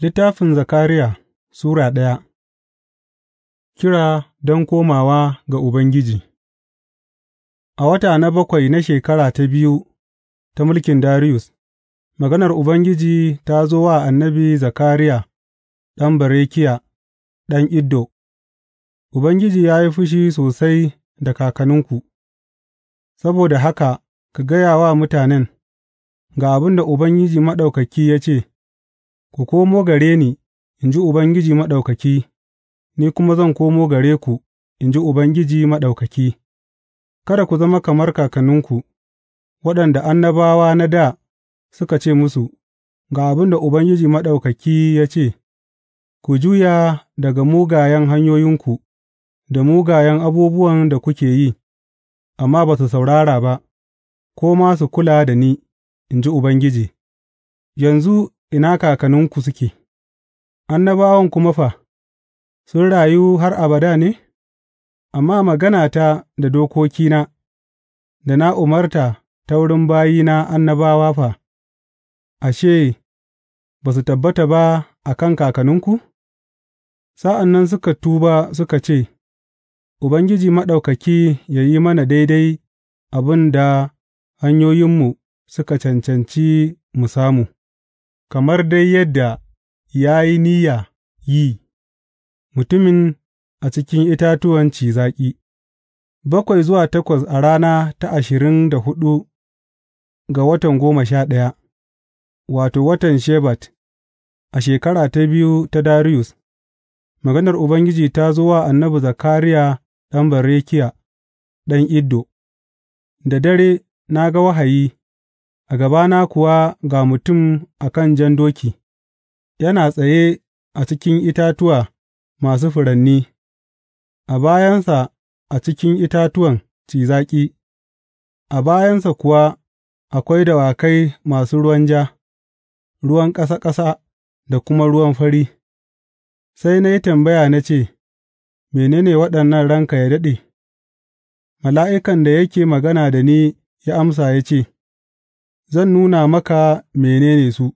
Littafin Zakariya Sura ɗaya. Kira don komawa ga Ubangiji A wata na bakwai na shekara ta biyu ta mulkin Darius, maganar Ubangiji ta zo wa annabi Zakariya ɗan barekiya ɗan Iddo, Ubangiji ya yi fushi sosai da kakaninku. saboda haka ka gaya wa mutanen, Ga abin da Ubangiji Maɗaukaki ya ce. Ku komo gare ni, in ji Ubangiji Maɗaukaki, ni kuma zan komo gare ku, in ji Ubangiji Maɗaukaki; kada ku zama kamar kakanninku, waɗanda annabawa na da suka ce musu, Ga abin da Ubangiji Maɗaukaki ya ce, Ku juya daga mugayen hanyoyinku da mugayen abubuwan da kuke yi, amma ba su saurara ba, ko ma su kula da ni, in ji Ubangiji. Yanzu ina kakanninku suke, annabawan kuma fa, sun rayu har abada ne, amma maganata da dokokina, da na umarta ta wurin bayina annabawa fa, ashe, ba su tabbata ba a kan kakanninku? Sa'an nan suka tuba suka ce, Ubangiji Maɗaukaki ya yi mana daidai abin da hanyoyinmu suka cancanci mu samu. kamar dai yadda ya yi niyya yi, mutumin a cikin itatuwan ci zaƙi, bakwai zuwa takwas a rana ta ashirin da hudu ga watan goma sha ɗaya, wato, watan Shebat, a shekara ta biyu ta Darius. maganar Ubangiji ta zo wa annabi Zakariya ɗan Barekiya ɗan Iddo, da dare na ga wahayi. a gabana kuwa ga mutum a kan jan doki, yana tsaye a cikin itatuwa masu furanni, a bayansa a cikin itatuwan ci a bayansa kuwa akwai dawakai masu ruwan ja, ruwan ƙasa ƙasa da kuma ruwan fari, sai na yi tambaya na ce, Mene ne waɗannan ranka ya daɗe? Mala'ikan da yake magana da ni ya amsa ya ce, zan nuna maka mene ne su,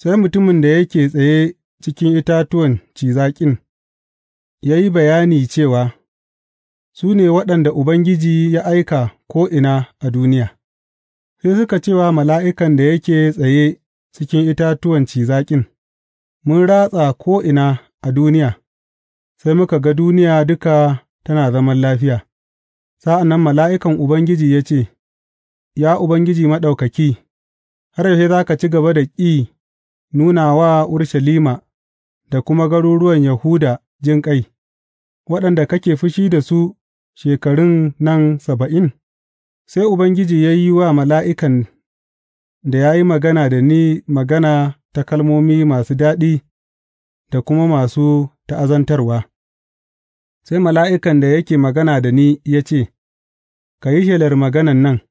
sai mutumin da yake tsaye cikin itatuwan cizaƙin, ya yi bayani cewa, Su ne waɗanda Ubangiji ya aika ko'ina a duniya, sai suka cewa mala'ikan da yake tsaye cikin itatuwan cizaƙin, Mun ratsa ko'ina a duniya, sai muka ga duniya duka tana zaman lafiya, sa'an nan mala'ikan Ubangiji ya ce, Ya Ubangiji Maɗaukaki, har yaushe za ka ci gaba da ƙi nuna wa Urushalima da kuma garuruwan Yahuda jinƙai, waɗanda kake fushi da su shekarun nan saba'in? Sai Ubangiji ya yi wa mala'ikan da ya yi magana da ni magana ta kalmomi masu daɗi da kuma masu ta'azantarwa. Sai mala'ikan da yake magana da ni ya ce, Ka yi shelar maganan nan.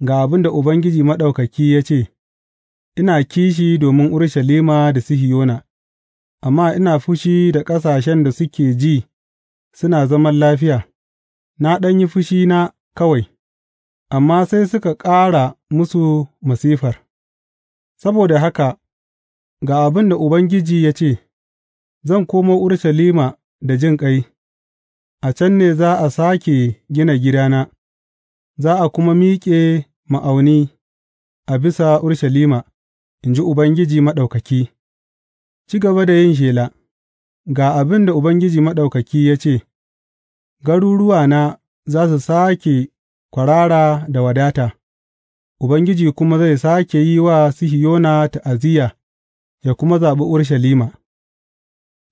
Ga abin da Ubangiji Maɗaukaki ya ce, Ina kishi domin Urushalima da Sihiyona, amma ina fushi da ƙasashen da suke ji suna zaman lafiya, na ɗan yi fushi na kawai, amma sai suka ƙara musu masifar. Saboda haka, ga abin da Ubangiji ya ce, Zan komo Urushalima da jin ƙai. a can ne za a sake gina gidana, za a kuma miƙe ma'auni a bisa Urushalima, in ji Ubangiji Maɗaukaki, ci gaba da yin shela, ga abin da Ubangiji Maɗaukaki ya ce, Garuruwana za su sake kwarara da wadata, Ubangiji kuma zai sake yi wa Sihiyona ta'aziyya ya kuma zaɓi Urushalima.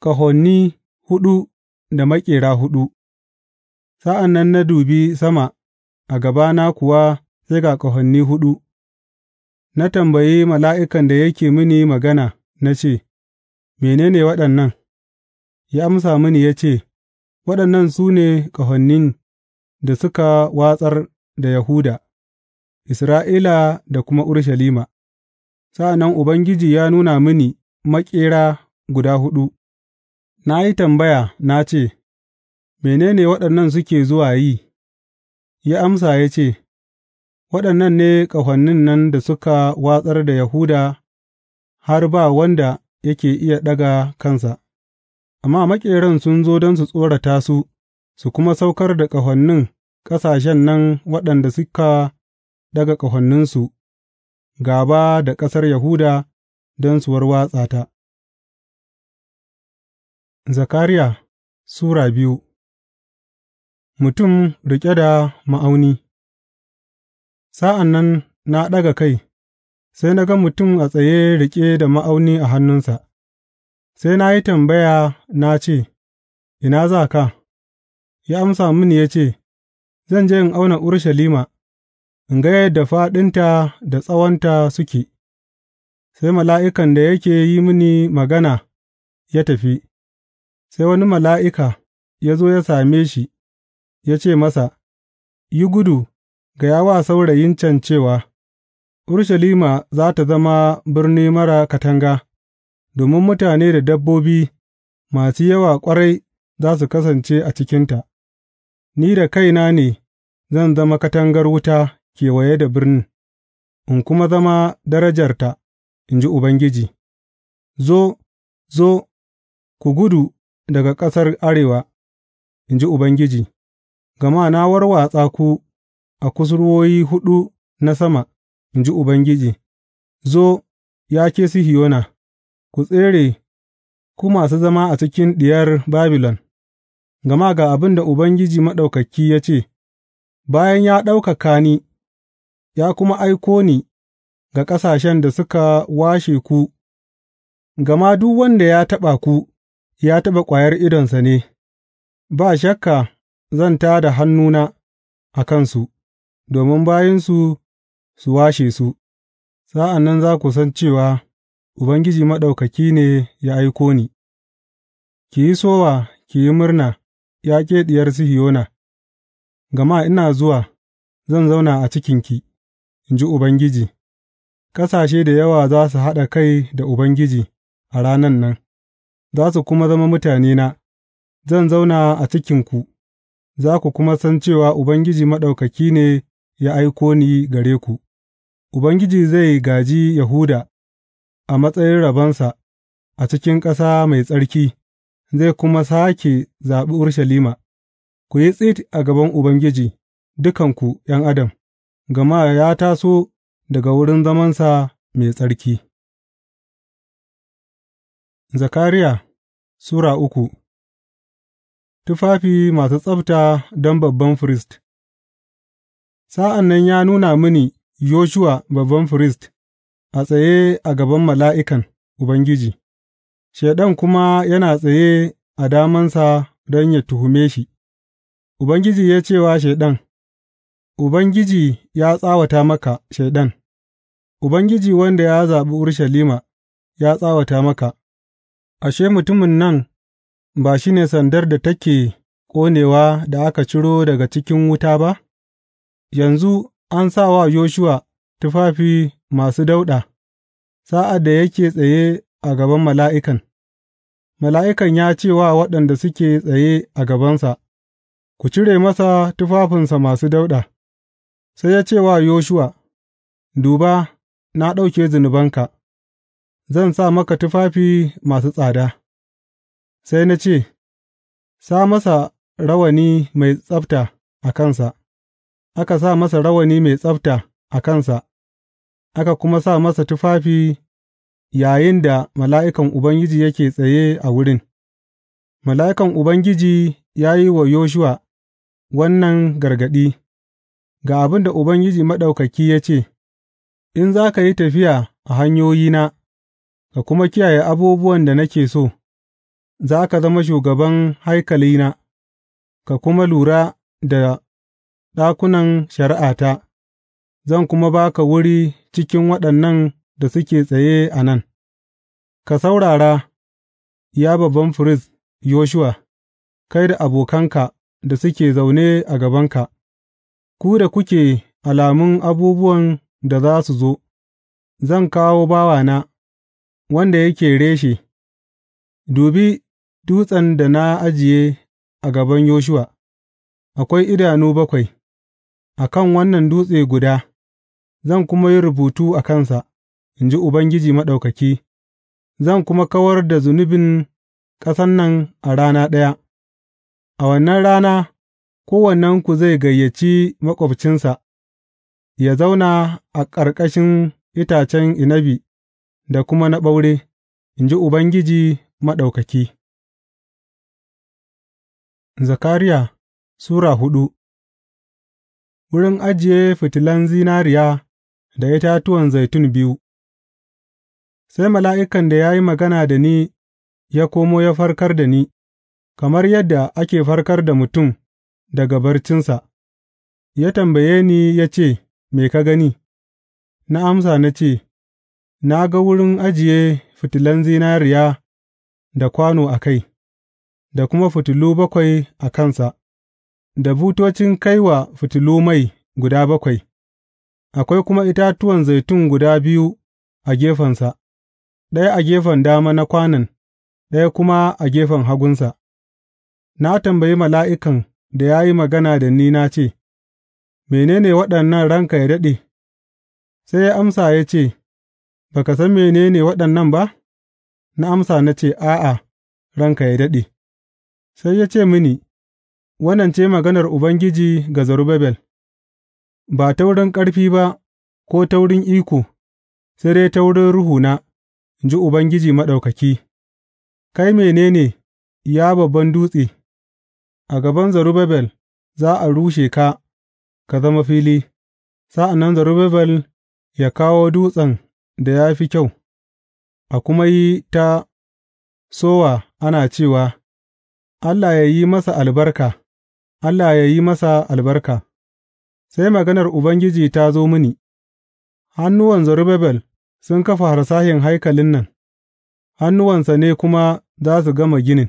ƙahonni huɗu da maƙera huɗu Sa'an nan na dubi sama, a gabana kuwa sai ga ƙahonni huɗu, na tambayi mala'ikan da yake mini magana na ce, menene waɗannan? Ya amsa mini ya ce, Waɗannan su ne ƙahonnin da suka watsar da Yahuda, Isra'ila da kuma Urushalima. Sa'an nan Ubangiji ya nuna mini maƙera guda huɗu, na yi tambaya na ce, Mene ne waɗannan suke zuwa yi? Ya amsa ya ce, Waɗannan ne ƙahonin nan da suka watsar da Yahuda har ba wanda yake iya ɗaga kansa, amma maƙeran sun zo don su tsorata su, su kuma saukar da ƙahonin ƙasashen nan waɗanda suka ɗaga ƙahoninsu gaba da ƙasar Yahuda don su warwatsa ta. Zakariya Sura biyu Mutum riƙe da ma'auni. Sa'an nan na ɗaga kai, sai na ga mutum a tsaye riƙe da ma'auni a hannunsa, sai na yi tambaya na ce, Ina za ka? Ya amsa mini ya ce, Zan je in auna Urushalima, in ga yadda fāɗinta da tsawonta suke, sai mala'ikan da yake yi mini magana ya tafi, sai wani mala'ika ya zo ya same shi ya ce masa, Yi gudu. Gaya wa saurayin can cewa, Urushalima za tă zama birni mara katanga, domin mutane da dabbobi masu yawa ƙwarai za su kasance a cikinta, ni da kaina ne zan zama katangar wuta kewaye da birnin, in kuma zama darajarta, in ji Ubangiji. Zo, zo, ku gudu daga ƙasar arewa, in ji Ubangiji, gama na warwatsa ku a kusurwoyi huɗu na sama, in ji Ubangiji, Zo, ya ke Sihiyona, ku tsere, ku masu zama a cikin Diyar Babilon, gama ga abin da Ubangiji Maɗaukaki ya ce, Bayan ya ɗaukaka ni, ya kuma aiko ni ga ƙasashen da suka washe ku, gama duk wanda ya taɓa ku, ya taɓa ƙwayar idonsa ne, ba shakka zan tā da hannuna a kansu. domin bayinsu su washe su, sa'an nan za ku san cewa Ubangiji Maɗaukaki ne ya aiko ni, ki yi sowa, ki yi murna, ya ke Diyar Sihiyona, gama ina zuwa, zan zauna a cikinki, in ji Ubangiji, ƙasashe da yawa za su haɗa kai da Ubangiji a ranan nan, za su kuma zama mutanena, zan zauna a cikinku, za ku kuma san cewa Ubangiji Maɗaukaki ne ya aiko ni gare ku, Ubangiji zai gaji Yahuda a matsayin rabonsa a cikin ƙasa mai tsarki, zai kuma sake zaɓi urshalima. ku yi tsit a gaban Ubangiji, dukanku ’yan adam, gama ya taso daga wurin zamansa mai tsarki. Zakariya Sura uku Tufafi masu tsabta don babban firist. Sa'an nan ya nuna mini Yoshuwa babban firist a tsaye a gaban mala'ikan Ubangiji, Shaiɗan kuma yana tsaye a damansa don yă tuhume shi, Ubangiji ya ce wa Shaiɗan, Ubangiji ya tsawata maka, Shaiɗan, Ubangiji wanda ya zaɓi Urushalima ya tsawata maka, ashe, mutumin nan ba shi ne sandar da take ƙonewa da aka ciro daga cikin wuta ba? Yanzu an sa wa Yoshuwa tufafi masu dauɗa sa'ad da yake tsaye a gaban mala'ikan, mala'ikan ya ce wa waɗanda suke tsaye a gabansa, Ku cire masa tufafinsa masu dauɗa, sai ya ce wa Yoshuwa, Duba, na ɗauke zunubanka, zan sa maka tufafi masu tsada, sai na ce, Sa masa rawani mai tsabta a kansa. aka sa masa rawani mai tsabta a kansa, aka kuma sa masa tufafi yayin da mala'ikan Ubangiji yake tsaye a wurin, mala'ikan Ubangiji ya yi wa Yoshuwa wannan gargaɗi, Ga abin da Ubangiji Maɗaukaki ya ce, In za ka yi tafiya a hanyoyina, ka kuma kiyaye abubuwan da nake so, za ka zama shugaban haikalina, ka kuma lura da ɗakunan shari'ata, zan kuma ba ka wuri cikin waɗannan da suke tsaye a nan, ka saurara, ya babban firist Yoshuwa, kai da abokanka da suke zaune a gabanka, ku da kuke alamun abubuwan da za su zo, zan kawo bawana, wanda yake reshe, dubi dutsen da na ajiye a gaban Yoshuwa, akwai idanu bakwai. a kan wannan dutse guda, zan kuma yi rubutu a kansa, in ji Ubangiji Maɗaukaki, zan kuma kawar da zunubin ƙasan nan a rana ɗaya, a wannan rana kowannenku zai gayyaci maƙwabcinsa, ya zauna a ƙarƙashin itacen inabi da kuma na ɓaure, in ji Ubangiji Maɗaukaki. Zakariya Sura hudu wurin ajiye fitilan zinariya da itatuwan zaitun biyu Sai mala'ikan da ya yi magana da ni ya komo ya farkar da ni, kamar yadda ake farkar da mutum daga barcinsa, ya tambaye ni ya ce, Me ka gani? Na amsa na ce, Na ga wurin ajiye fitilan zinariya da kwano a kai, da kuma fitilu bakwai a kansa. da butocin kai wa fitilu mai guda bakwai, akwai kuma itatuwan zaitun guda biyu a gefensa, ɗaya a gefen dama na kwanan ɗaya kuma a gefen hagunsa. Na tambayi mala'ikan da ya yi magana da ni na ce, Menene waɗannan ranka ya daɗe? Sai ya amsa ya ce, Ba ka san menene waɗannan ba? Na amsa na ce, A'a, ranka ya daɗe. Sai ya ce mini, Wannan ce maganar Ubangiji ga Zerubbabel, Ba ta wurin ƙarfi ba ko ta wurin iko, sai dai ta wurin Ruhuna, in ji Ubangiji Maɗaukaki, kai mene ne, ya babban dutse, a gaban Zerubbabel za a rushe ka, ka zama fili, sa'an nan Zerubbabel ya kawo dutsen da ya fi kyau, a kuma yi ta sowa ana cewa, Allah ya yi masa albarka. Allah ya yi masa albarka Sai maganar Ubangiji ta zo mini, Hannuwan Zerubbabel sun kafa harsashen haikalin nan, hannuwansa ne kuma za su gama ginin,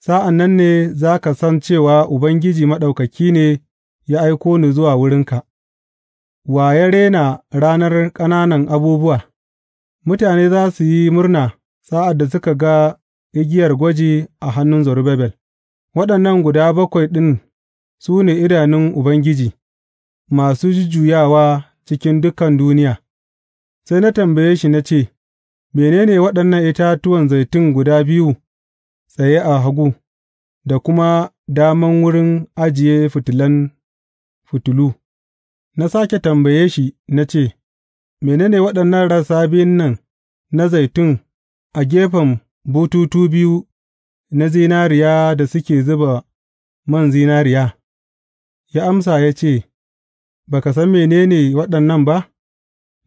sa'an nan ne za ka san cewa Ubangiji Maɗaukaki ne ya aiko ni zuwa wurinka, wa ya rena ranar ƙananan abubuwa, mutane za su yi murna sa'ad da suka ga igiyar gwaji a hannun Zerubbabel. Waɗannan guda bakwai ɗin su ne idanun Ubangiji, masu jujjuyawa cikin dukan duniya, sai na tambaye shi na ce, Mene ne waɗannan itatuwan zaitun guda biyu tsaye a hagu, da kuma daman wurin ajiye fitilan fitilu, na sake tambaye shi na ce, Mene ne waɗannan rasa nan na zaitun a gefen bututu biyu? na zinariya da suke zuba man zinariya? Ya amsa ya ce, Ba ka san mene ne waɗannan ba?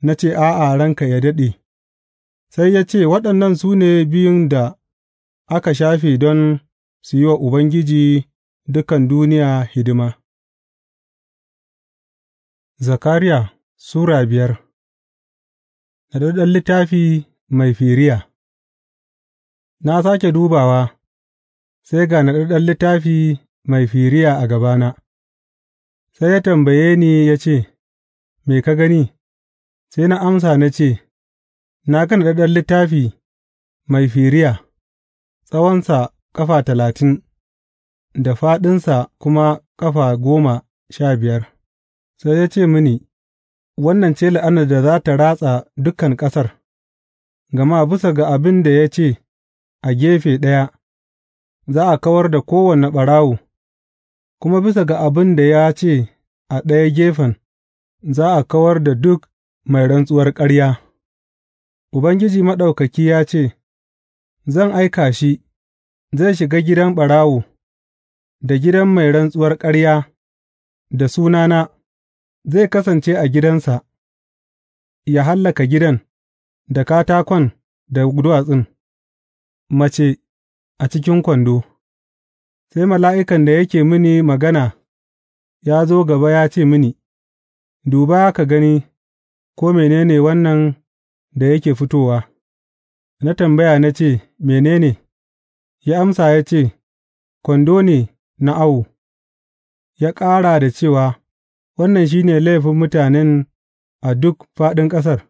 Na ce, A'a, ranka ya daɗe. Sai ya ce, Waɗannan su ne biyun da aka shafe don su yi wa Ubangiji dukan duniya hidima. Zakariya Sura biyar da Naɗaɗɗen littafi mai firiya Na sake dubawa, sai ga naɗaɗɗen littafi mai firiya a gabana, sai ya tambaye ni ya ce, Me ka gani? Sai na amsa na ce, Na ga naɗaɗɗen littafi mai firiya, tsawonsa ƙafa talatin, da faɗinsa kuma ƙafa goma sha biyar. Sai ya ce mini, Wannan ce la'anar da za ta ratsa dukan ƙasar, gama bisa ga abin da ya ce a gefe ɗaya. za a kawar da kowane ɓarawo, kuma bisa ga abin da ya ce a ɗaya gefen, za a kawar da duk mai rantsuwar ƙarya. Ubangiji Maɗaukaki ya ce, Zan aika shi, zai shiga gidan ɓarawo, da gidan mai rantsuwar ƙarya, da sunana, zai kasance a gidansa, ya hallaka gidan, da katakon da duwatsun, mace a cikin kwando, sai mala'ikan da yake mini magana ya zo gaba ya ce mini, Duba ka gani ko menene wannan da yake fitowa, na tambaya na ce, menene Ya amsa ya ce, Kwando ne na awo, ya ƙara da cewa, Wannan shi ne laifin mutanen a duk faɗin ƙasar.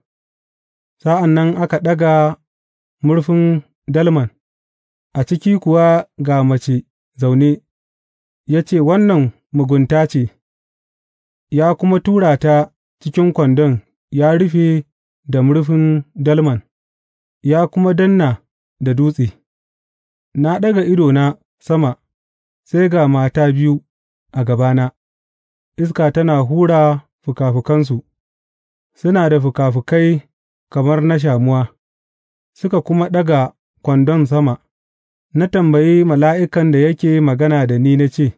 Sa'an nan aka ɗaga murfin dalman. a ciki kuwa ga mace zaune, ya ce, Wannan mugunta ce, ya kuma tura ta cikin kwandon ya rufe da murfin dalman, ya kuma danna da dutse, Na ɗaga idona sama, sai ga mata biyu a gabana, iska tana hura fikafikansu, suna da fukafukai kamar na shamuwa, suka kuma ɗaga kwandon sama. na tambayi mala'ikan da yake magana da ni na ce,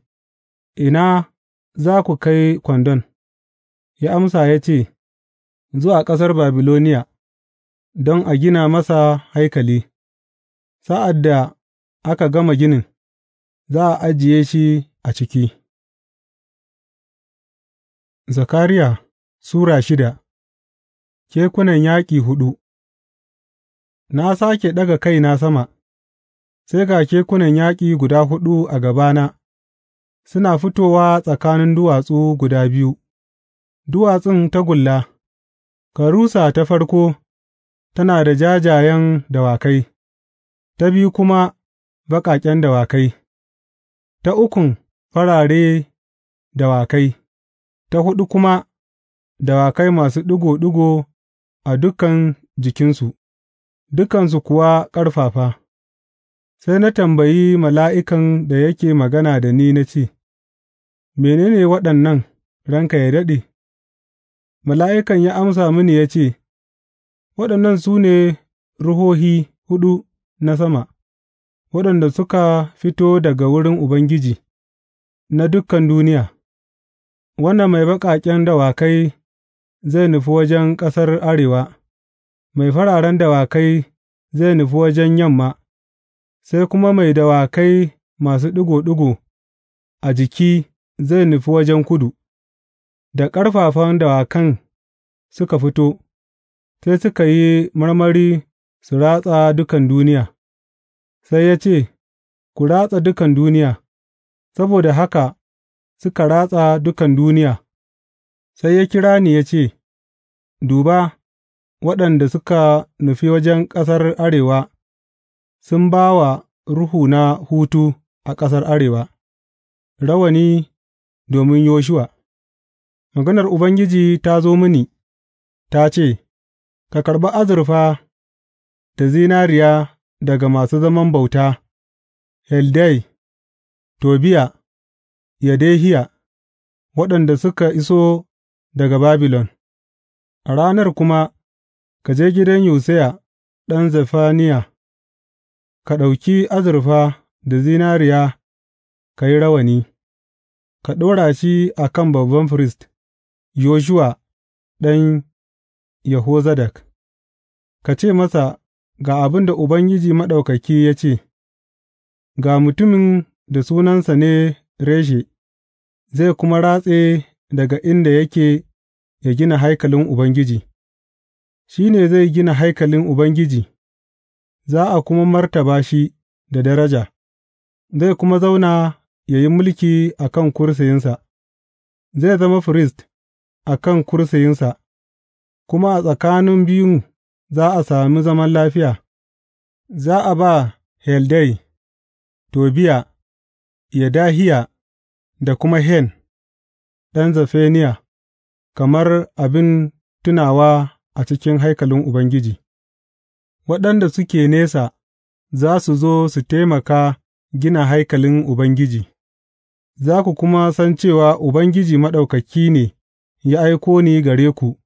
Ina za ku kai kwandon? Ya amsa ya ce, Zuwa ƙasar Babiloniya, don a gina masa haikali, sa'ad da aka gama ginin, za a ajiye shi a ciki. Zakariya Sura shida Kekunan yaƙi huɗu Na sake ɗaga kaina sama. Sai ga kekunan yaƙi guda huɗu a gabana, suna fitowa tsakanin duwatsu guda biyu, duwatsun tagulla, karusa ta farko tana da jajayen dawakai, ta biyu kuma baƙaƙen dawakai, ta ukun farare dawakai, ta huɗu kuma dawakai masu ɗigo ɗigo a dukan jikinsu, dukansu kuwa ƙarfafa. Sai na tambayi mala'ikan da yake magana da ni na ce, Mene ne waɗannan, ranka ya daɗe? Mala'ikan ya amsa mini ya ce, Waɗannan su ne ruhohi huɗu na sama, waɗanda suka fito daga wurin Ubangiji na dukan duniya, wanda mai baƙaƙen dawakai zai nufi wajen ƙasar arewa, mai fararen dawakai zai nufi wajen yamma. sai kuma mai dawakai masu ɗigo ɗigo a jiki zai nufi wajen kudu, da ƙarfafan dawakan suka fito, sai suka yi marmari su ratsa dukan duniya, sai ya ce, Ku ratsa dukan duniya, saboda haka suka ratsa dukan duniya, sai ya kira ni ya ce, Duba, waɗanda suka nufi wajen ƙasar arewa. Sun ba wa ruhuna hutu a ƙasar arewa, rawani domin Yoshuwa Maganar Ubangiji ta zo mini, ta ce, Ka karɓi azurfa da zinariya daga masu zaman bauta, Heldai, Tobiya, Yadehiya, waɗanda suka iso daga Babilon, a ranar kuma ka je gidan Yosiya ɗan Zefaniya. Ka ɗauki azurfa da zinariya ka yi rawani, ka ɗora shi a kan babban firist Yoshuwa ɗan Yehozadak, ka ce masa, Ga abin da Ubangiji Maɗaukaki ya ce, Ga mutumin da sunansa ne Reshe, zai kuma ratse daga inda yake ya gina haikalin Ubangiji; shi ne zai gina haikalin Ubangiji. za a kuma martaba shi da daraja, zai kuma zauna ya yi mulki a kan kursiyinsa, zai zama firist a kan kursiyinsa, kuma a tsakanin biyun za a sami zaman lafiya, za a ba Heldai, Tobiya, Yedahiya da kuma Hen, ɗan zefeniya kamar abin tunawa a cikin haikalin Ubangiji. waɗanda suke nesa za su zo su taimaka gina haikalin Ubangiji, za ku kuma san cewa Ubangiji Maɗaukaki ne ya aiko ni gare ku,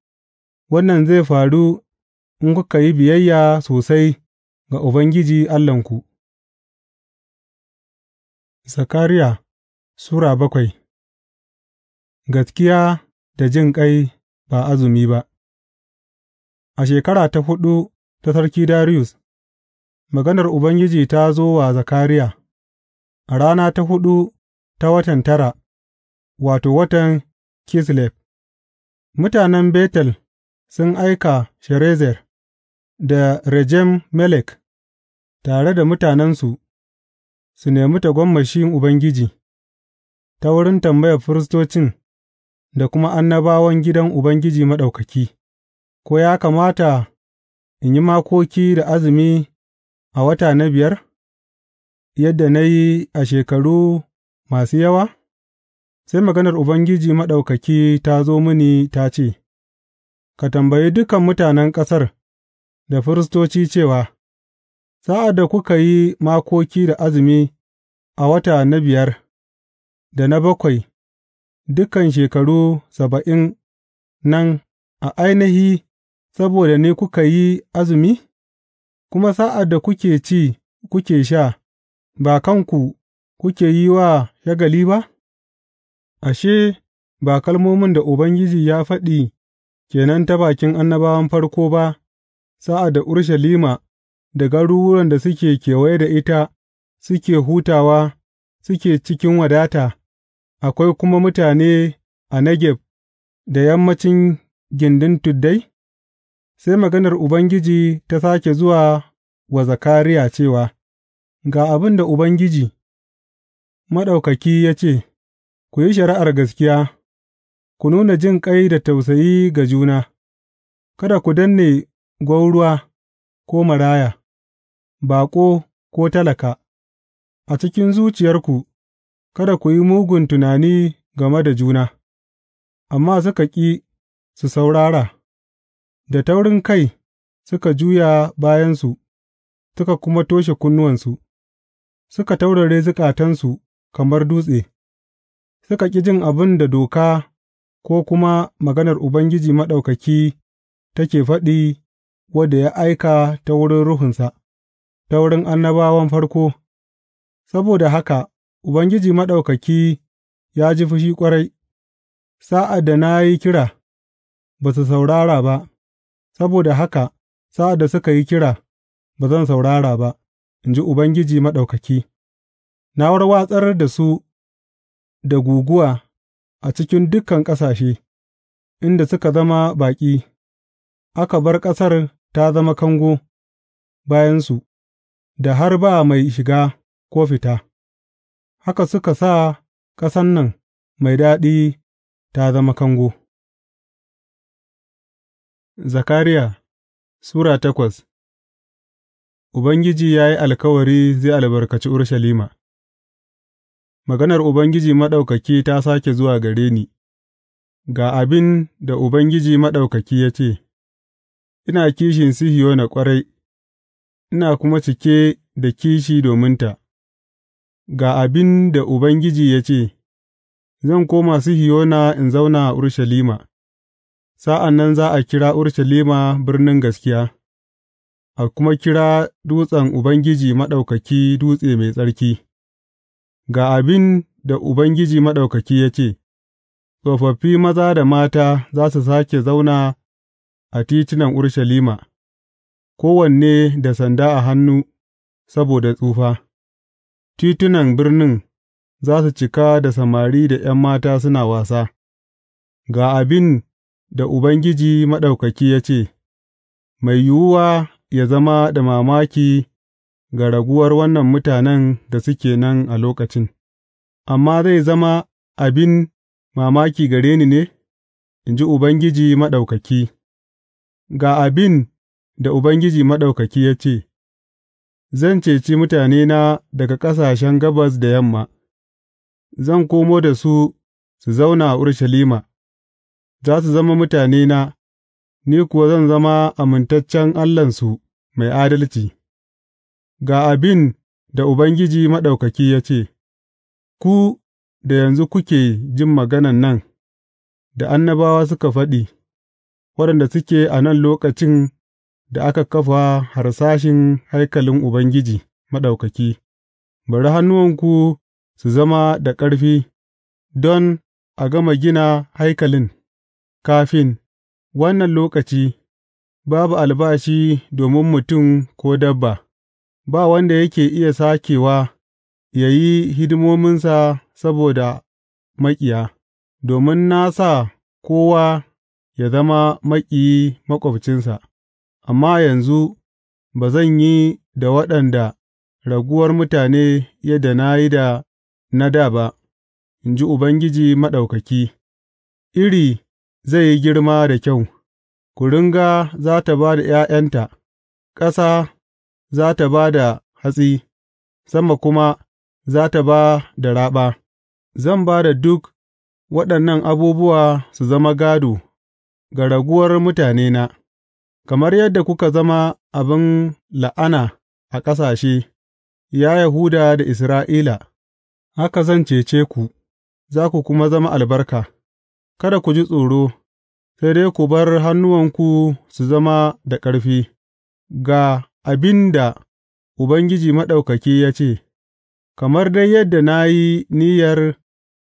wannan zai faru in kuka yi biyayya sosai ga Ubangiji Allahnku. Zakariya Sura bakwai Gaskiya da jin ƙai ba azumi ba A shekara ta huɗu ta Sarki Darius. Maganar Ubangiji ta zo wa Zakariya a rana ta hudu ta watan tara, wato, watan Kislev, mutanen Betel sun aika sherezer. da Rejem Melek tare da mutanensu su nemi tagomashin Ubangiji ta wurin tambaya firistocin da kuma annabawan gidan Ubangiji Maɗaukaki, ko ya kamata in yi makoki da azumi a wata na biyar, yadda na yi a shekaru masu yawa? Sai maganar Ubangiji Maɗaukaki ta zo mini ta ce, Ka tambayi dukan mutanen ƙasar da firistoci cewa, Sa'ad da kuka yi makoki da azumi a wata na biyar da na bakwai, dukan shekaru saba'in nan a ainihi saboda ni kuka yi azumi, kuma sa'ad da kuke ci kuke sha, ba kanku kuke yi wa shagali ba? Ashe, ba kalmomin da Ubangiji ya faɗi kenan ta bakin annabawan farko ba, sa'ad da Urushalima da garuruwan da suke kewaye da ita suke hutawa, suke cikin wadata, akwai kuma mutane a Negeb da yammacin gindin tuddai? Sai maganar Ubangiji ta sake zuwa wa Zakariya cewa, Ga abin da Ubangiji Maɗaukaki ya ce, Ku yi shari'ar gaskiya, ku nuna jin ƙai da tausayi ga juna, kada ku danne gwauruwa ko maraya, baƙo ko talaka, a cikin zuciyarku, kada ku yi mugun tunani game da juna, amma suka ƙi su saurara. Da taurin kai suka juya bayansu suka kuma toshe kunnuwansu; suka taurare zukatansu kamar dutse, suka ƙi jin abin da doka ko kuma maganar Ubangiji Maɗaukaki take faɗi wadda ya aika ta wurin Ruhunsa, ta wurin annabawan farko, saboda haka Ubangiji Maɗaukaki ya ji fushi ƙwarai; sa'ad da na yi kira, ba su saurara ba. Saboda haka sa'ad da suka yi kira, ba zan saurara ba, in ji Ubangiji Maɗaukaki; na warwatsar da su da guguwa a cikin dukan ƙasashe, inda suka zama baƙi, aka bar ƙasar ta zama kango bayansu, da har ba mai shiga ko fita, haka suka sa ƙasan nan mai daɗi ta zama kango. Zakariya Sura takwas Ubangiji ya yi alkawari zai albarkaci Urushalima Maganar Ubangiji Maɗaukaki ta sake zuwa gare ni, Ga abin da Ubangiji Maɗaukaki ya ce, Ina kishin Sihiyona ƙwarai, ina kuma cike da kishi dominta, ga abin da Ubangiji ya ce, Zan koma Sihiyona in zauna a Urushalima. Sa'an nan za a kira Urushalima Birnin Gaskiya, a kuma kira dutsen Ubangiji Maɗaukaki Dutse Mai Tsarki, ga abin da Ubangiji Maɗaukaki ya ce, Tsofaffi maza da mata za su sake zauna a titunan Urushalima, kowanne da sanda a hannu saboda tsufa, titunan birnin za su cika da samari da ’yan mata suna wasa, ga abin da Ubangiji Maɗaukaki ya ce, Mai yiwuwa ya zama da mamaki ga raguwar wannan mutanen da suke nan a lokacin, amma zai zama abin mamaki gare ni ne, in ji Ubangiji Maɗaukaki, ga abin da Ubangiji Maɗaukaki ya ce, Zan ceci mutanena daga ƙasashen gabas da yamma, zan komo da su su zauna a Urushalima. Za su zama mutanena, ni kuwa zan zama amintaccen Allahnsu mai adalci; ga abin da Ubangiji Maɗaukaki ya ce, Ku da yanzu kuke jin maganan nan da annabawa suka faɗi, waɗanda suke a nan lokacin da aka kafa harsashin haikalin Ubangiji Maɗaukaki, bari hannuwanku su zama da ƙarfi don a gama gina haikalin. Kafin wannan lokaci, babu albashi domin mutum ko dabba, ba wanda yake iya sakewa ya yi hidimominsa saboda maƙiya, domin na sa kowa ya zama maƙiyi maƙwabcinsa, amma yanzu ba zan yi da waɗanda raguwar mutane yadda na yi da na da ba, in ji Ubangiji Maɗaukaki. Iri zai yi girma da kyau, kuringa za tă ba da ’ya'yanta, ƙasa za tă ba da hatsi, sama kuma za tă ba da raɓa, zan ba da duk waɗannan abubuwa su zama gado. ga raguwar mutanena, kamar yadda kuka zama abin la'ana a ƙasashe, ya Yahuda da Isra'ila, haka zan cece ku, za ku kuma zama albarka. Kada ku ji tsoro, sai dai ku bar hannuwanku su zama da ƙarfi, ga abin da Ubangiji Maɗaukaki ya ce, Kamar dai yadda na yi niyyar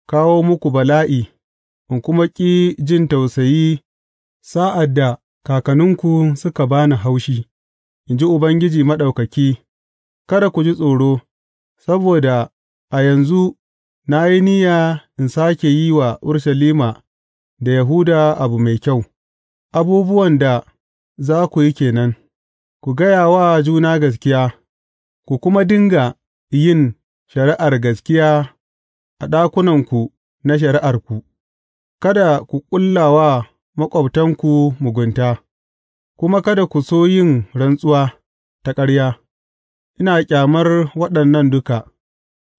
kawo muku bala'i in kuma ƙi jin tausayi sa'ad da kakanninku suka ba ni haushi, in ji Ubangiji Maɗaukaki, kada ku ji tsoro, saboda a yanzu na yi niyya in sake yi wa Urushalima. da Yahuda abu mai kyau, abubuwan da za ku yi ke nan, ku gaya wa juna gaskiya, ku kuma dinga yin shari'ar gaskiya a ɗakunanku na shari'arku, kada ku ƙulla wa maƙwabtanku mugunta, kuma kada ku so yin rantsuwa ta ƙarya, ina ƙyamar waɗannan duka,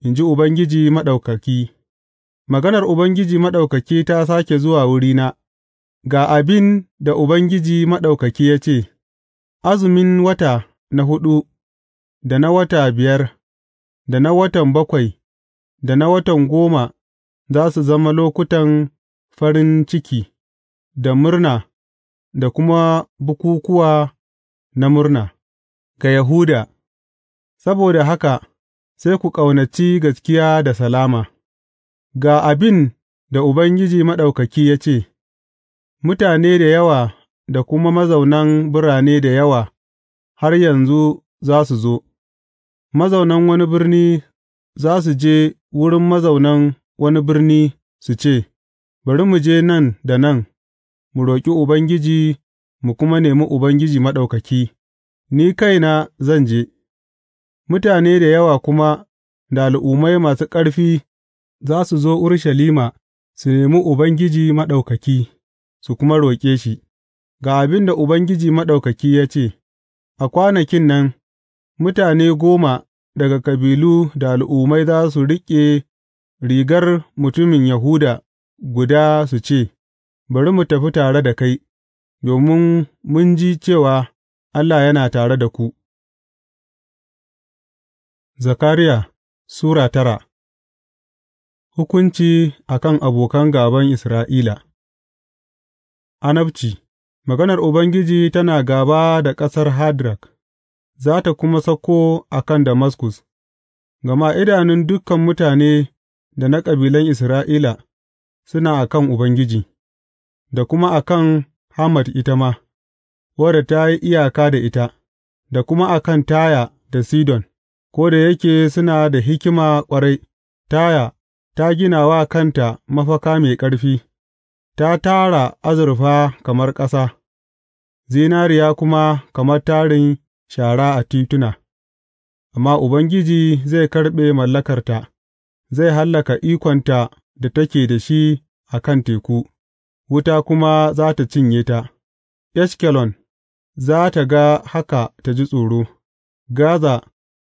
in ji Ubangiji Maɗaukaki. Maganar Ubangiji Maɗaukaki ta sāke zuwa wurina, Ga abin da Ubangiji Maɗaukaki ya ce, Azumin wata na huɗu, da na wata biyar, da na watan bakwai, da na watan goma za su zama lokutan farin ciki, da murna, da kuma bukukuwa na murna, ga Yahuda, saboda haka sai ku ƙaunaci gaskiya da salama. Ga abin da Ubangiji Maɗaukaki ya ce, Mutane da yawa da kuma mazaunan birane da yawa har yanzu za su zo, mazaunan wani birni za su je wurin mazaunan wani birni su ce, Bari mu je nan da nan, mu roƙi Ubangiji mu kuma nemi Ubangiji Maɗaukaki, ni kaina zan je, mutane da yawa kuma da al'ummai masu ƙarfi. za su zo Urushalima su nemi Ubangiji Maɗaukaki, su kuma roƙe shi, Ga abin da Ubangiji Maɗaukaki ya ce, A kwanakin nan, mutane goma daga kabilu da al'ummai za su riƙe rigar mutumin Yahuda guda su ce, Bari mu tafi tare da kai, domin mun ji cewa Allah yana tare da ku. Zakariya Sura tara Hukunci a kan abokan gāban Isra'ila anabci. Maganar Ubangiji tana gāba da ƙasar Hadrak, za tă kuma sauko a kan Damaskus, gama idanun dukan mutane da na kabilan Isra'ila suna a kan Ubangiji, da kuma a kan hamad ita ma, wadda ta yi iyaka da ita, da kuma a kan Taya da Sidon, ko da yake suna da hikima ƙwarai, Taya ta gina wa kanta mafaka mai ƙarfi, ta tara azurfa kamar ƙasa, zinariya kuma kamar tarin shara a tituna, amma Ubangiji zai karɓe mallakarta, zai hallaka ikonta da take da shi a kan teku, wuta kuma za ta cinye ta, Eshkelon za ta ga haka ta ji tsoro, Gaza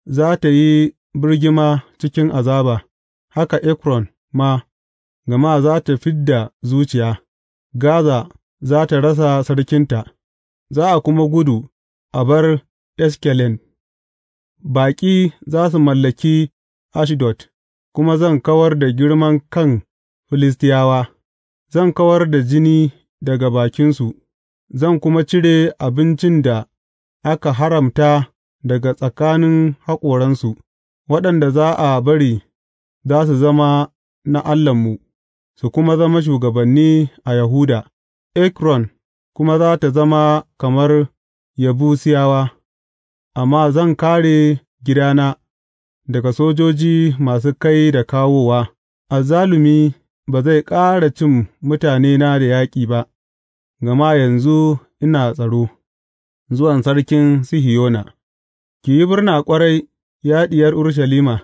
za ta yi birgima cikin azaba. haka Ekron ma, gama za tă fid da zuciya, Gaza za ta rasa sarkinta, za a kuma gudu a bar Eskelen, baƙi za su mallaki Ashdod, kuma zan kawar da girman kan Filistiyawa, zan kawar da jini daga bakinsu, zan kuma cire abincin da aka haramta daga tsakanin haƙoransu, waɗanda za a bari za su zama na Allahnmu, su kuma zama shugabanni a Yahuda, Ekron kuma za ta zama kamar Yabusiyawa, amma zan kare gidana daga sojoji masu kai da kawowa, azzalumi ba zai ƙara cin mutanena da yaƙi ba, gama yanzu ina tsaro, zuwan sarkin Sihiyona. Ki yi birna ƙwarai, ya Diyar Urushalima,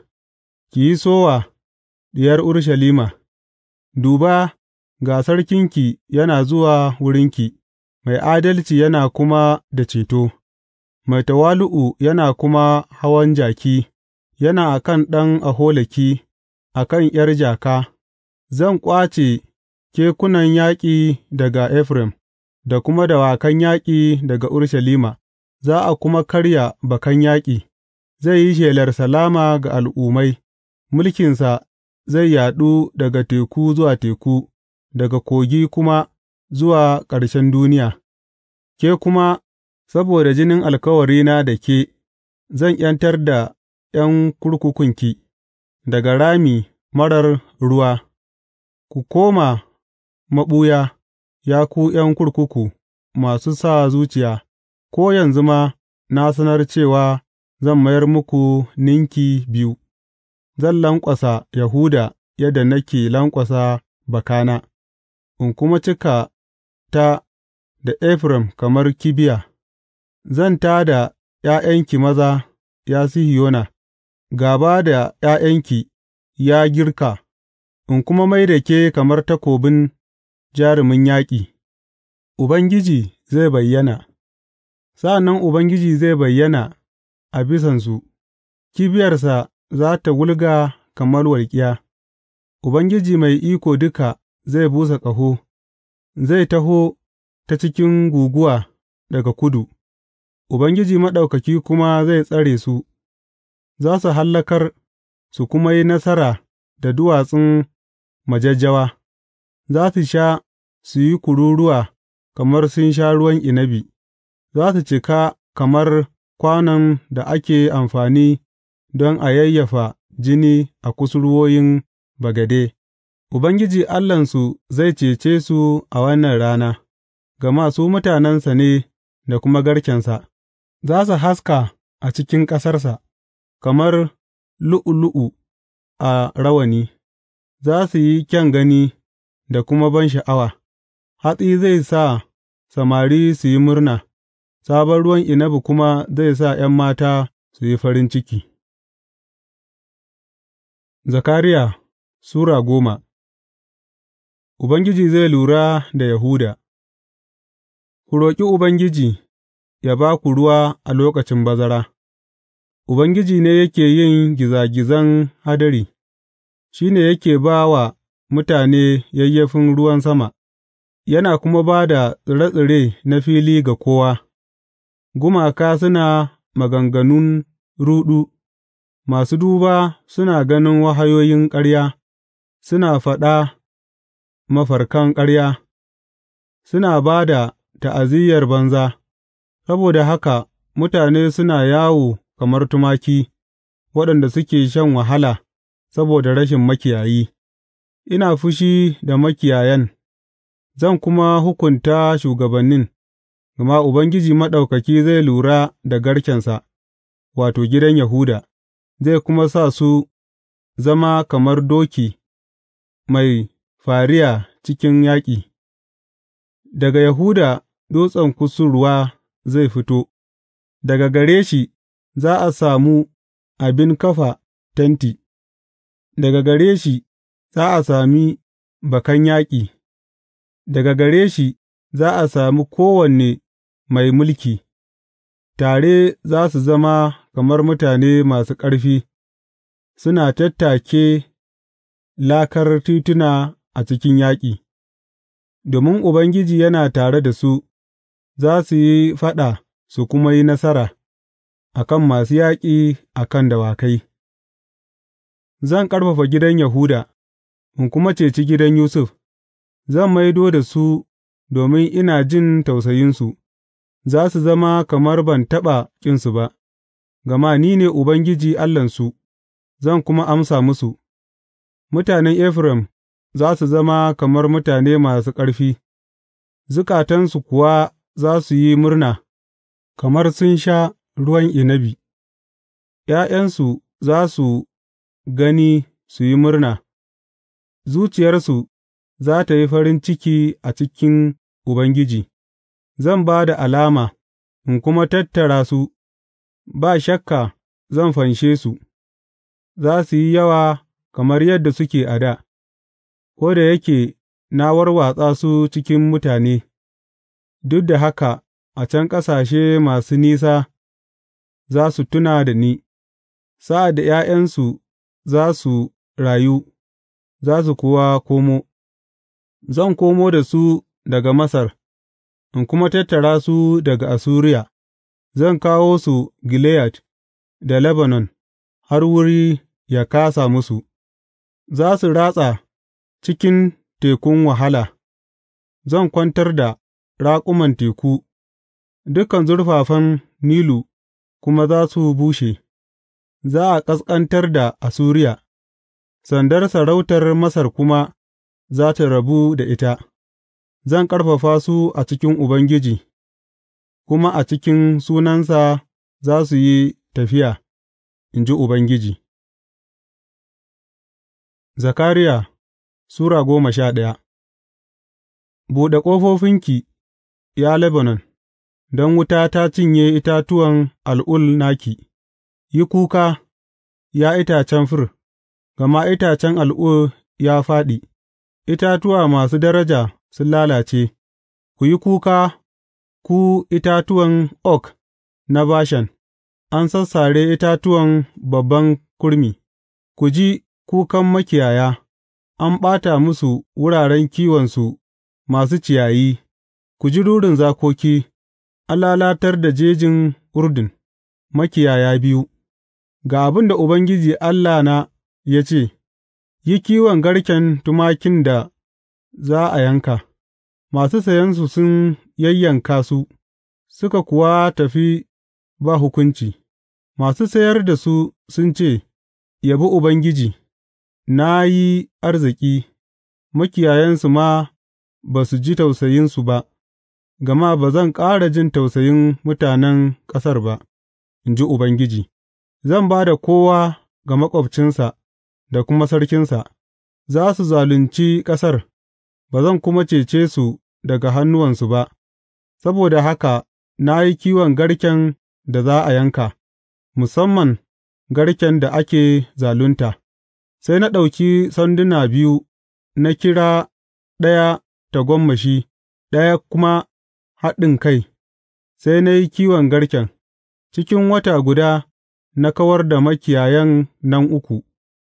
ki yi sowa Diyar Urushalima Duba, ga sarkinki yana zuwa wurinki, mai adalci yana kuma da ceto, mai tawali'u yana kuma hawan jaki, yana a kan ɗan aholaki, a kan ’yar jaka, zan ƙwace kekunan yaƙi daga Efraim, da kuma dawakan yaƙi daga Urushalima, za a kuma karya bakan yaƙi, zai yi shelar salama ga al'ummai, mulkinsa zai yaɗu daga teku zuwa teku, daga kogi kuma zuwa ƙarshen duniya, ke kuma, saboda jinin alkawarina da ke, zan ’yantar da ’yan kurkukunki daga rami marar ruwa, ku koma maɓuya, ya ku ’yan kurkuku masu sa zuciya, ko yanzu ma na sanar cewa zan mayar muku ninki biyu. Zan lanƙwasa Yahuda yadda nake lanƙwasa bakana, in kuma cika ta da Efraim kamar kibiya; zan tā da ’ya'yanki maza, ya Sihiyona, Gaba da ’ya'yanki, ya Girka, in kuma mai da ke kamar takobin jarumin yaƙi, Ubangiji zai bayyana, sa'an nan Ubangiji zai bayyana a bisansu, kibiyarsa. za tă wulga kamar walƙiya, Ubangiji Mai Iko Duka zai busa ƙaho, zai taho ta cikin guguwa daga kudu, Ubangiji Maɗaukaki kuma zai tsare su, za su hallakar su kuma yi nasara da duwatsun majajjawa, za su sha su yi kururuwa kamar sun sha ruwan inabi, za su cika kamar kwanon da ake amfani don a yayyafa jini a kusurwoyin bagade, Ubangiji Allahnsu zai cece su a wannan rana, gama su mutanensa ne da kuma garkensa, za su haska a cikin ƙasarsa kamar lu'ulu'u a rawani, za su yi kyan gani da kuma ban sha'awa. hatsi zai sa samari su yi murna, sabon ruwan inabi kuma zai sa ’yan mata su yi farin ciki. Zakariya Sura goma Ubangiji zai lura da Yahuda Ku roƙi Ubangiji ya ba ku ruwa a lokacin bazara; Ubangiji ne yake yin gizagizan hadari, shi ne yake ba wa mutane yayyafin ruwan sama, yana kuma ba da tsire tsire na fili ga kowa, gumaka suna maganganun ruɗu. Masu duba suna ganin wahayoyin ƙarya, suna faɗa mafarkan ƙarya, suna ba da ta'aziyyar banza; saboda haka mutane suna yawo kamar tumaki waɗanda suke shan wahala saboda rashin makiyayi, ina fushi da makiyayan, zan kuma hukunta shugabannin, gama Ubangiji Maɗaukaki zai lura da garkensa, wato, gidan Yahuda. zai kuma sa su zama kamar doki mai fariya cikin yaƙi, daga Yahuda dutsen kusurwa zai fito, daga gare shi za a samu abin kafa tenti, daga gare shi za a sami bakan yaƙi, daga gare shi za a sami kowanne mai mulki, tare za su zama kamar mutane masu ƙarfi, suna tattake lakar tituna a cikin yaƙi, domin Ubangiji yana tare da su, za su yi faɗa su kuma yi nasara a kan masu yaƙi a kan dawakai. Zan ƙarfafa gidan Yahuda, in kuma ceci gidan Yusuf, zan maido da su domin ina jin tausayinsu, za su zama kamar ban taɓa ƙinsu ba. Gama ni ne Ubangiji Allahnsu, zan kuma amsa musu; mutanen Efraim za su zama kamar mutane masu ƙarfi, zukatansu kuwa za su yi murna kamar sun sha ruwan inabi; ’ya'yansu za su gani su yi murna, zuciyarsu za ta yi farin ciki a cikin Ubangiji; zan ba da alama in kuma tattara su. ba shakka zan fanshe su, za su yi yawa kamar yadda suke a da. ko da yake na warwatsa su cikin mutane, duk da haka a can ƙasashe masu nisa za su tuna da ni, sa'ad da ’ya'yansu za su rayu, za su kuwa komo, zan komo da su daga Masar, in kuma tattara su daga Asuriya. Zan kawo su Gileyad da Lebanon har wuri ya kāsa musu; za su ratsa cikin tekun wahala, zan kwantar da raƙuman teku, dukan zurfafan Nilu kuma za su bushe; za a ƙasƙantar da Assuriya, sandar sarautar Masar kuma za tă rabu da ita; zan ƙarfafa su a cikin Ubangiji. kuma a cikin sunansa za su yi tafiya, in ji Ubangiji. Zakariya Sura goma sha ɗaya Buɗe ƙofofinki, ya Lebanon, don wuta ta cinye itatuwan al'ul naki, yi kuka, ya itacen fir, gama itacen al'ul ya fāɗi, itatuwa masu daraja sun lalace, ku yi kuka Ku itatuwan oak na Bashan, an sassare itatuwan babban kurmi, ku ji kukan makiyaya, an ɓata musu wuraren kiwonsu masu ciyayi, ku ji rurin zakoki, an lalatar da jejin Urdun, makiyaya biyu Ga abin da Ubangiji Allah na, ya ce, Yi kiwon garken tumakin da za a yanka. masu sayensu sun yayyanka su, suka kuwa tafi ba hukunci, masu sayar da su sun ce, Yabi Ubangiji, na yi arziki, makiyayensu ma ba su ji tausayinsu ba, gama ba zan ƙara jin tausayin mutanen ƙasar ba, in ji Ubangiji, zan ba da kowa ga maƙwabcinsa da kuma sarkinsa, za su zalunci ƙasar. ba zan kuma cece su daga hannuwansu ba, saboda haka na yi kiwon garken da za a yanka, musamman garken da ake zalunta, sai na ɗauki sanduna biyu na kira ɗaya tagomashi, ɗaya kuma haɗin kai, sai na yi kiwon garken, cikin wata guda na kawar da makiyayan nan uku,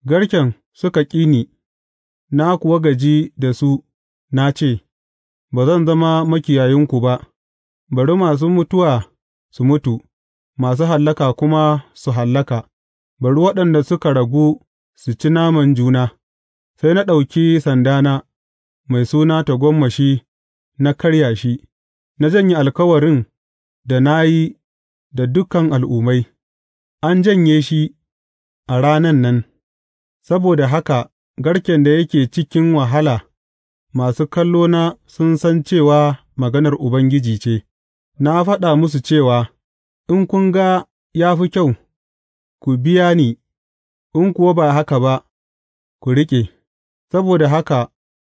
garken suka ƙi ni, na kuwa gaji da su. na ce, Ba zan zama makiyayinku ba, bari masu mutuwa su mutu, masu hallaka kuma su hallaka, bari waɗanda suka ragu su ci naman juna, sai na ɗauki sandana mai suna tagomashi na karya shi, na janye alkawarin da na yi da dukan al'ummai, an janye shi a ranan nan, saboda haka garken da yake cikin wahala. masu kallona sun san cewa maganar Ubangiji ce, na faɗa musu cewa, In kun ga ya fi kyau, ku biya ni, in kuwa ba haka ba, ku riƙe, saboda haka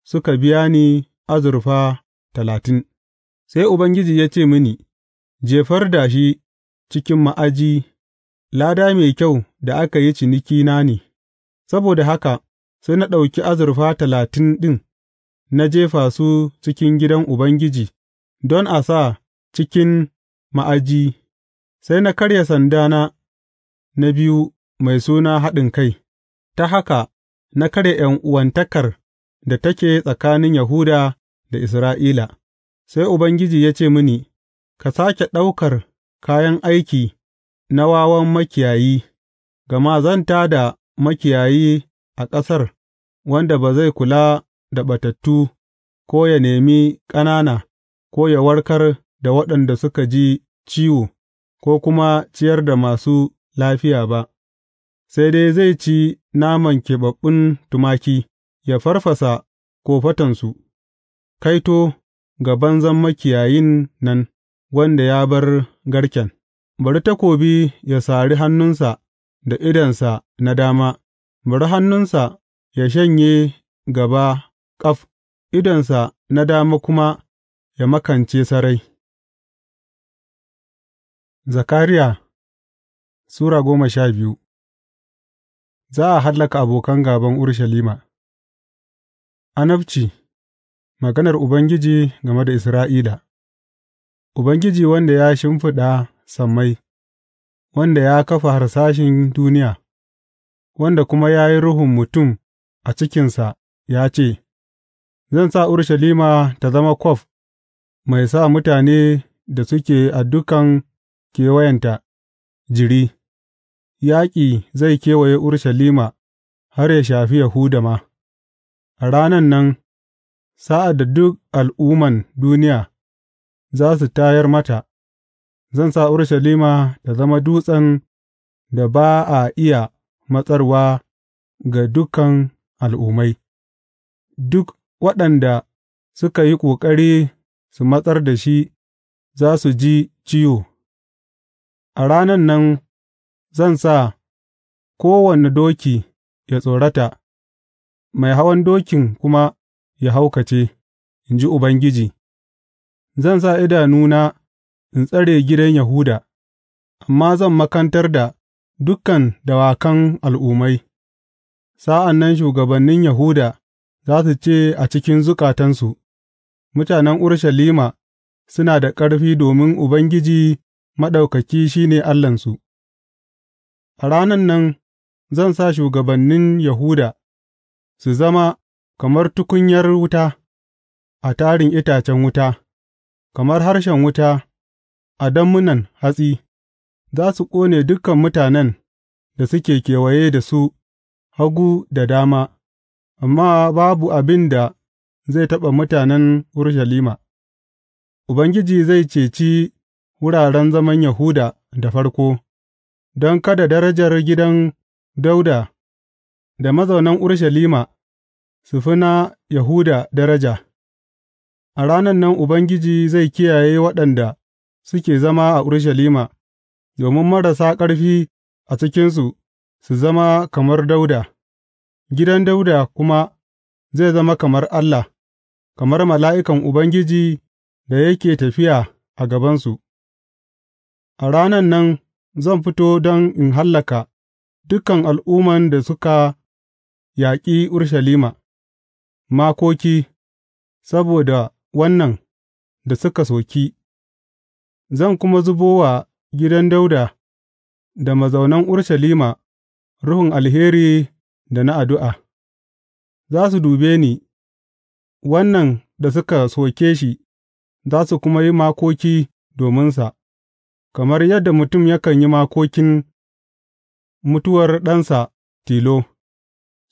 suka biya ni azurfa talatin. Sai Ubangiji ya ce mini, Jefar da shi cikin ma'aji, lada mai kyau da aka yi cinikina ne, saboda haka sai na ɗauki azurfa talatin ɗin. na jefa su cikin gidan Ubangiji don a sa cikin ma'aji, sai na karya sandana na biyu mai suna haɗin kai, ta haka na karya ’yan'uwantakar da take tsakanin Yahuda da Isra'ila. Sai Ubangiji ya ce mini, Ka sake ɗaukar kayan aiki na wawan makiyayi, gama zan tā da makiyayi a ƙasar wanda ba zai kula da ɓatattu, ko ya nemi ƙanana, ko ya warkar da waɗanda suka ji ciwo, ko kuma ciyar da masu lafiya ba, sai dai zai ci naman keɓaɓɓun tumaki, ya farfasa kofatansu, kaito ga banzan makiyayin nan wanda ya bar garken, bari takobi ya sari hannunsa da idonsa na dama, bari hannunsa ya shanye gaba ƙaf, idonsa na dama kuma ya makance sarai. Zakariya Sura goma sha biyu Za a hallaka abokan gaban Urushalima Anabci Maganar Ubangiji game da Isra'ila Ubangiji wanda ya shimfiɗa sammai, wanda ya kafa harsashin duniya, wanda kuma ya yi ruhun mutum a cikinsa, ya ce, Zan sa Urushalima ta zama kwaf mai sa mutane da suke a dukan kewayenta jiri; yaƙi zai kewaye Urushalima har ya shafi Yahuda ma, a ranan nan, sa'ad da duk al'umman duniya za su tayar mata, zan sa Urushalima ta zama dutsen da ba a iya matsarwa ga dukan al'ummai. Duk waɗanda suka yi ƙoƙari su matsar da shi za su ji ciwo, a ranan nan zan sa kowane doki ya tsorata, mai hawan dokin kuma ya haukace, in ji Ubangiji, zan sa idanuna in tsare gidan Yahuda, amma zan makantar da dukkan dawakan al'ummai, sa'an nan shugabannin Yahuda za su ce a cikin zukatansu, Mutanen Urushalima suna da ƙarfi domin Ubangiji Maɗaukaki shi ne Allahnsu. A ranan nan zan sa shugabannin Yahuda su zama kamar tukunyar wuta a tarin itacen wuta, kamar harshen wuta a dammunan hatsi, za su ƙone dukan mutanen da suke kewaye da su hagu da dama. amma babu abin da zai taɓa mutanen Urushalima; Ubangiji zai ceci wuraren zaman Yahuda da farko, don kada darajar gidan dauda da mazaunan Urushalima su fi na Yahuda daraja, a ranan nan Ubangiji zai kiyaye waɗanda suke zama a Urushalima, domin marasa ƙarfi a cikinsu su zama kamar dauda. Gidan Dawuda kuma zai zama kamar Allah, kamar mala'ikan Ubangiji da yake tafiya a gabansu; a ranan nan zan fito don in hallaka dukan al'umman da suka yaƙi Urshalima makoki saboda wannan da suka soki, zan kuma zubo wa gidan Dauda da mazaunan Urshalima ruhun alheri da na addu'a; za su dube ni, wannan da suka soke shi za su kuma yi makoki dominsa, kamar yadda mutum yakan yi makokin mutuwar ɗansa tilo,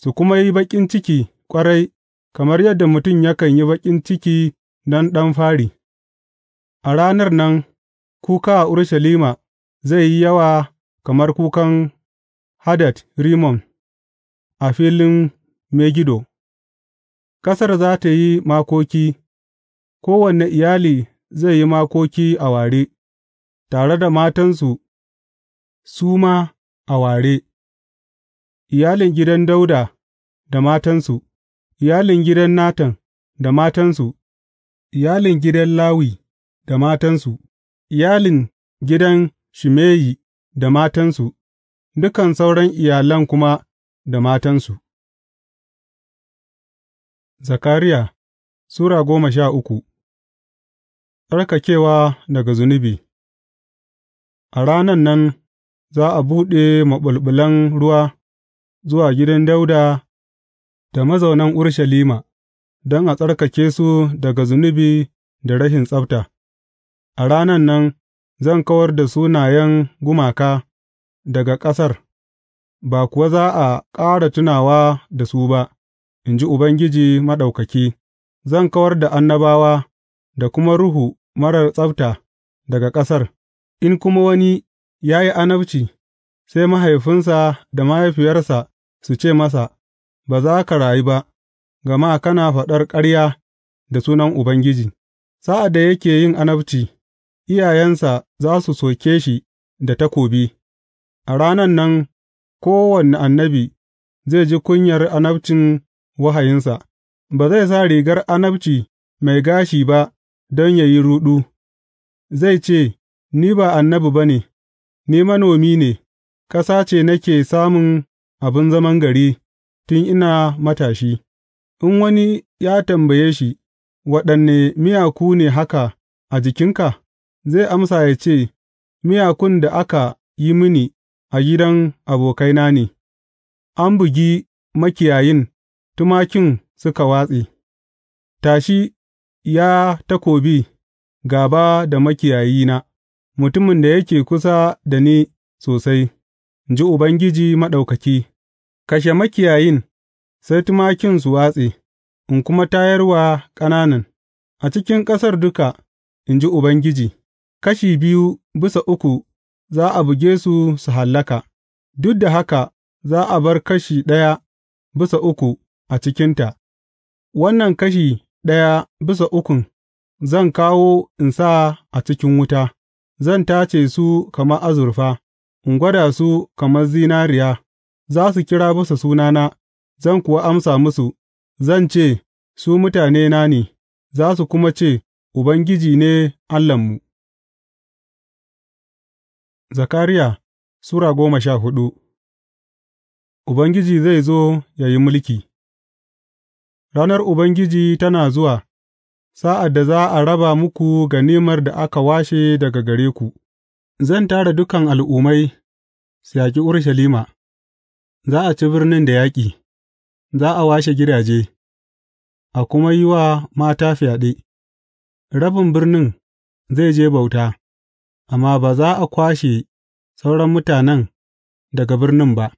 su kuma yi baƙin ciki ƙwarai kamar yadda mutum yakan yi baƙin ciki don ɗan fari, a ranar nan kuka a Urushalima zai yi yawa kamar kukan Hadad Rimon. a filin Megiddo Ƙasar za tă yi makoki, kowane iyali zai yi makoki a ware, tare da matansu su ma a ware, iyalin gidan Dauda da matansu, iyalin gidan Natan da matansu, iyalin gidan Lawi da matansu, iyalin gidan Shimeyi da matansu, dukan sauran iyalan kuma. da matansu Zakariya Sura goma sha uku Tsarkakewa daga zunubi A ranan nan za a buɗe maɓulɓulan ruwa zuwa gidan Dauda da mazaunan Urushalima, don a tsarkake su daga zunubi da rashin tsabta. A ranan nan zan kawar da sunayen gumaka daga ƙasar. ba kuwa za a ƙara tunawa da su ba, in ji Ubangiji Maɗaukaki, zan kawar da annabawa da kuma ruhu marar tsabta daga ƙasar, in kuma wani ya yi annabci, sai mahaifinsa da mahaifiyarsa su ce masa, Ba za ka rayu ba, gama kana faɗar ƙarya da sunan Ubangiji, sa'ad da yake yin annabci, iyayensa za su soke shi da takobi, a ranan nan. kowane annabi zai ji kunyar annabcin wahayinsa, ba zai sa rigar annabci mai gashi ba don yă yi ruɗu, zai ce, Ni ba annabi ba ne, ni manomi ne, ƙasa ce nake samun abin zaman gari tun ina matashi, in wani ya tambaye shi, Waɗanne miyaku ne haka a jikinka?’ zai amsa ya ce, Miyakun da aka yi mini a gidan abokaina ne; an bugi makiyayin, tumakin suka watse, Tashi, ya takobi, gaba da makiyayina, mutumin da yake kusa da ni sosai,’ in ji Ubangiji Maɗaukaki, Kashe makiyayin, sai tumakin su watse, in kuma tayar wa ƙananan, a cikin ƙasar duka, in ji Ubangiji, kashi biyu bisa uku. za a buge su su hallaka, duk da haka za a bar kashi ɗaya bisa uku a cikinta, wannan kashi ɗaya bisa ukun zan kawo in sa a cikin wuta, zan tace su kamar azurfa, in gwada su kamar zinariya, za su kira bisa sunana, zan kuwa amsa musu, zan ce, Su mutanena ne, za su kuma ce, Ubangiji ne Allahnmu.’ Zakariya Sura goma sha hudu Ubangiji zai zo ya yi mulki Ranar Ubangiji tana zuwa, sa'ad da za a raba muku ganimar da aka washe daga gare ku, zan tara dukan al'ummai su yaƙi Urushalima, za a ci birnin da yaƙi, za a washe gidaje, a kuma yi wa mata fyaɗe, rabin birnin zai je bauta. Amma ba za a kwashe sauran mutanen daga birnin ba,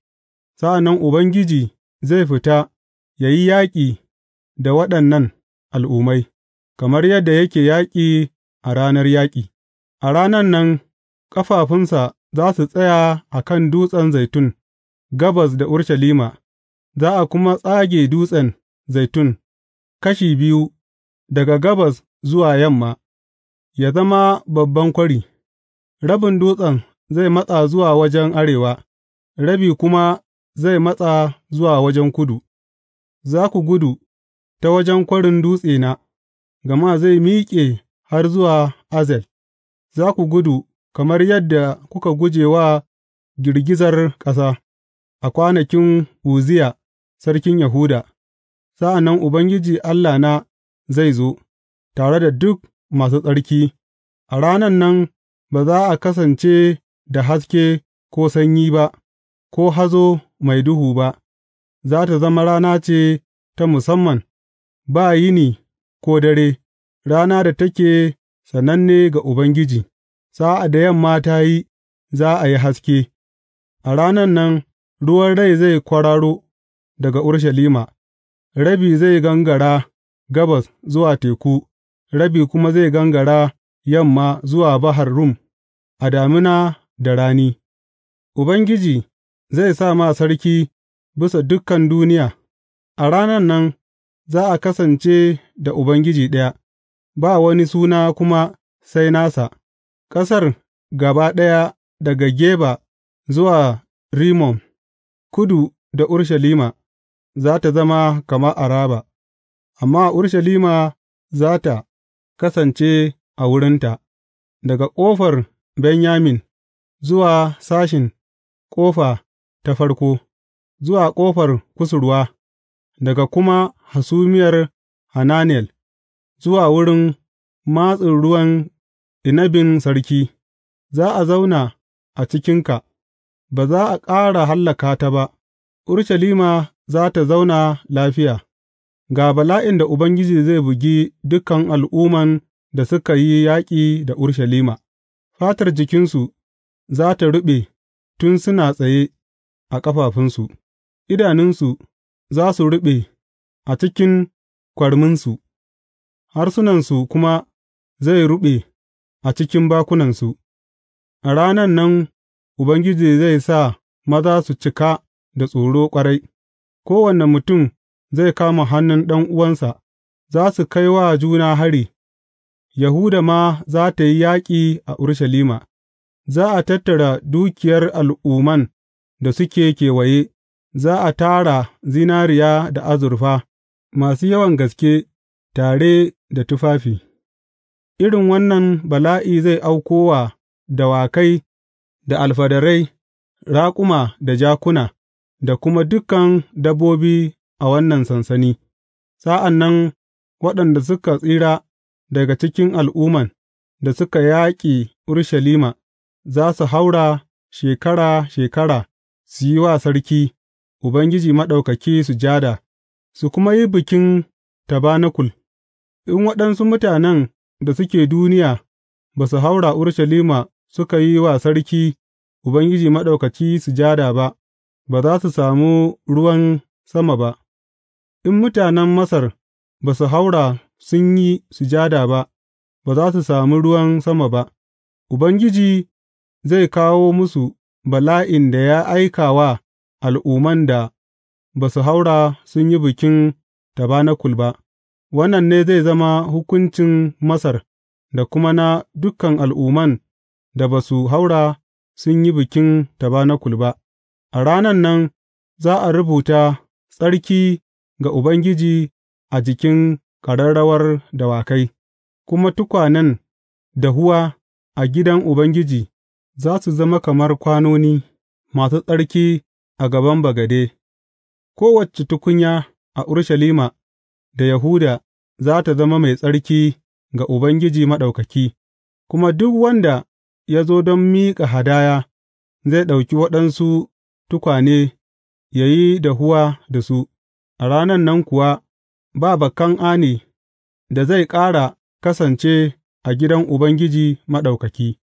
sa'an nan Ubangiji zai fita ya yi yaƙi da waɗannan al'ummai, kamar yadda yake yaƙi a ranar yaƙi; a ranan nan ƙafafunsa za su tsaya a kan Dutsen Zaitun, gabas da Urushalima, za a kuma tsage Dutsen Zaitun kashi biyu daga gabas zuwa yamma, Ya zama babban kwari. Rabin dutsen zai matsa zuwa wajen arewa, rabi kuma zai matsa zuwa wajen kudu; za ku gudu ta wajen Kwarin Dutsena, gama zai miƙe har zuwa Azel, za ku gudu kamar yadda kuka guje wa girgizar ƙasa, a kwanakin Uzziya sarkin Yahuda, sa'an nan Ubangiji Allahna zai zo, tare da duk masu tsarki, a ranan nan. ba za a kasance da haske ko sanyi ba, ko hazo mai duhu ba, za tă zama rana ce ta musamman, ba yini ko dare, rana da take sananne ga Ubangiji, sa'ad da yamma ta yi, za a yi haske, a ranan nan ruwan rai zai kwararo daga Urshalima. rabi zai gangara gabas zuwa teku, rabi kuma zai gangara yamma zuwa Bahar Rum. a damina da rani, Ubangiji zai sa ma sarki bisa dukan duniya, a ranan nan za a kasance da Ubangiji ɗaya, ba wani suna kuma sai nasa, ƙasar gaba ɗaya daga Geba zuwa Rimon, kudu da Urshalima za tă zama kama Araba, amma Urshalima za tă kasance a wurinta, daga ƙofar Benyamin zuwa sashen ƙofa ta farko, zuwa Ƙofar Kusurwa, daga kuma Hasumiyar Hananel zuwa wurin matsin ruwan inabin sarki, za a zauna a cikinka, ba za a ƙara hallaka ta ba, Urushalima za ta zauna lafiya, ga bala'in da Ubangiji zai bugi dukan al'umman da suka yi yaƙi da Urushalima. Fatar jikinsu za tă ruɓe tun suna tsaye a ƙafafunsu; idanunsu za su ruɓe a cikin kwarminsu, harsunansu kuma zai ruɓe a cikin bakunansu, a ranan nan Ubangiji zai sa maza su cika da tsoro ƙwarai; kowane mutum zai kama hannun ɗan'uwansa, za su kai wa juna hari. Yahuda ma za tă yi yaƙi a Urushalima, za a tattara dukiyar al'umman da suke kewaye, za a tara zinariya da azurfa masu yawan gaske tare da tufafi, irin wannan bala'i zai auko wa dawakai da alfadarai, raƙuma da jakuna, da kuma dukan dabbobi a wannan sansani, sa'an nan waɗanda suka tsira. daga cikin al'umman da suka yaƙi Urushalima za su haura shekara shekara su yi wa Sarki, Ubangiji Maɗaukaki sujada, su kuma yi bikin tabanakul, in waɗansu mutanen da suke duniya ba su haura Urushalima suka yi wa Sarki, Ubangiji Maɗaukaki sujada ba, ba za su samu ruwan sama ba, in mutanen Masar ba su haura sun yi sujada ba, ba za su sami ruwan sama ba, Ubangiji zai kawo musu bala'in da ya aika wa al'umman da ba su haura sun yi bikin tabanakul ba, wannan ne zai zama hukuncin Masar da kuma na dukan al'umman da ba su haura sun yi bikin tabanakul ba, a ranan nan za a rubuta tsarki ga Ubangiji a jikin ƙararrawar dawakai, kuma tukwanen dahuwa a gidan Ubangiji za su zama kamar kwanoni masu tsarki a gaban bagade, kowace tukunya a Urushalima da Yahuda za ta zama mai tsarki ga Ubangiji Maɗaukaki, kuma duk wanda ya zo don miƙa hadaya zai ɗauki waɗansu tukwane ya yi dahuwa da su, a ranan nan kuwa. ba Ani da zai ƙara kasance a gidan Ubangiji Maɗaukaki.